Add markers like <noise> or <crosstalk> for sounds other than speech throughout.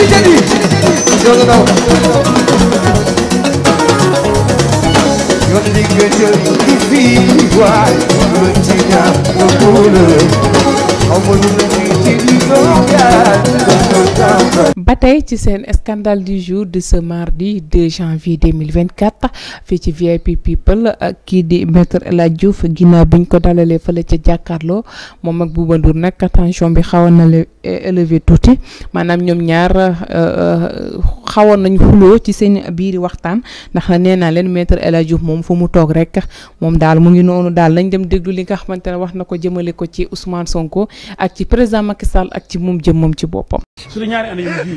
đi chết đi chưa đâu đâu con đi người chơi đi phi hoài luôn chỉ nhà một cô lời ông muốn lên thì chỉ đi ba tey ci seen scandale du jour de ce mardi 2 janvier 2024 fii ci VIP people euh, kii di maître El Hadj Diouf ginnaaw biñ ko dalalee fële ca jàkkaarloo moom ak bu Ndour nag tension bi xawoon na le élevé tuuti maanaam ñoom ñaar euh, euh, xawoon nañ xuloo ci seen biiri waxtaan ndax nee naa leen metre El Hadj moom fu mu toog rek moom daal mu ngi noonu daal lañ dem déglu li nga xamante ne wax na ko jëmale ko ci Ousmane Sonko ak ci présent Macky Sall ak ci moom jëm ci boppam.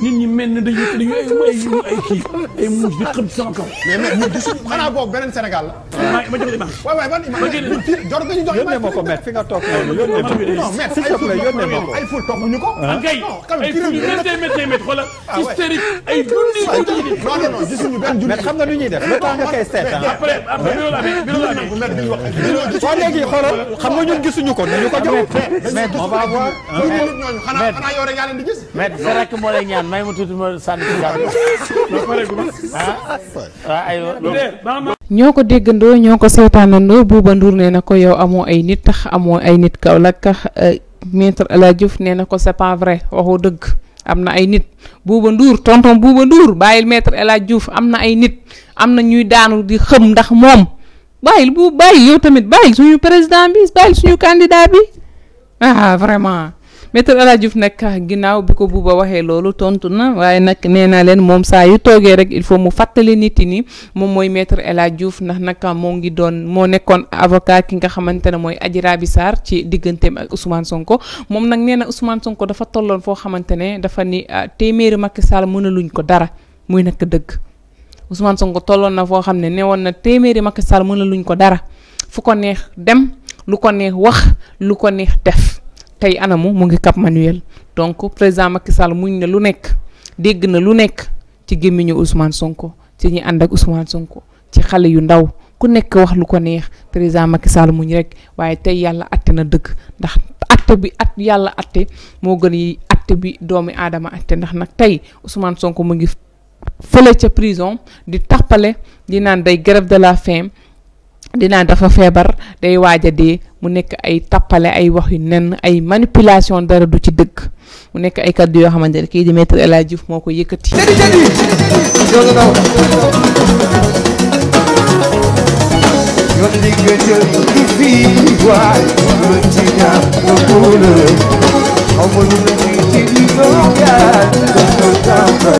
nit ñi mel ne dañuy dañuy ay ay kii ay muus di xëm sama kaw. mais mais mais gisuñu xanaa boobu beneen Sénégal la. ma ma jox image. waaw waaw man image jor nga ñu jox image. yónnee ma ko met fi nga toog noonu yónnee ma ko. non mais s'il te plaît yónnee ma ko ay ful tooguñu ko. ah kay ay ful yu méttee méttee méttee xoolal. hystérique ay dundi dundi. non non non gisuñu benn junni. mais xam nga nu ñuy def le temps nga koy seet. après après bi la amee bi la amee. waaw léegi xoolal xam nga ñun gisuñu ko nañu ko jox. mais on va voir. mais xanaa yow rek yaa leen di gis. mais c'est rek moo lay ñaan may ma tuuti ma sànni ci kàddu <laughs> ah, ñoo ko déggandoo ñoo ko seetaanandoo Bouba Ndour nee na ko yow amoo ay nit tax amoo ay nit kaw la eh, maître El Hadj Diouf nee na ko c'est pas vrai waxoo dëgg am na ay nit Bouba Ndour tonton Bouba Ndour bàyyil maître El Hadj Diouf am na ay nit am na ñuy daanu di xëm ndax moom bàyyil bu bàyyil yow tamit bàyyil suñu président bi bàyyil suñu candidat bi ah vraiment. maître El Hadj Diouf nag ginnaaw bi ko buuba waxee loolu tontu na waaye nak nee naa leen moom saa yu toogee rek il faut mu fàttali nit yi ni moom mooy maître El Hadj Diouf ndax nag moo ngi doon moo nekkoon avocat ki nga xamante ne mooy Adji ci digganteem ak Ousmane Sonko moom nag nee na Ousmane Sonko dafa tolloon foo xamante dafa ni ah, téeméeri Macky Sall mënaluñ ko dara muy nag Ousmane Sonko na foo xam ne na téeméeri Macky Sall mënaluñ ko dara fu ko neex dem lu ko neex wax lu ko neex def. tey anamu mu ngi Cap Manuel donc président Macky Sall muñ na lu nekk dégg na lu nekk ci gémmiñu Ousmane Sonko ci ñi ànd ak Ousmane Sonko ci xale yu ndaw ku nekk wax lu ko neex président Macky Sall muñ rek waaye tey yàlla atte na dëkk ndax atte bi at yàlla atte moo gën yi atte bi doomi aadama atte ndax nag tey Ousmane Sonko mu ngi fële ca prison di tappale di naan day grève de la faim dinaa dafa feebar day waaj a dee mu nekk ay tappale ay wax yu nen ay manipulation dara du ci dëgg mu nekk ay kàddu yoo xamante ne kii di maître El Hadji moo ko yëkkati.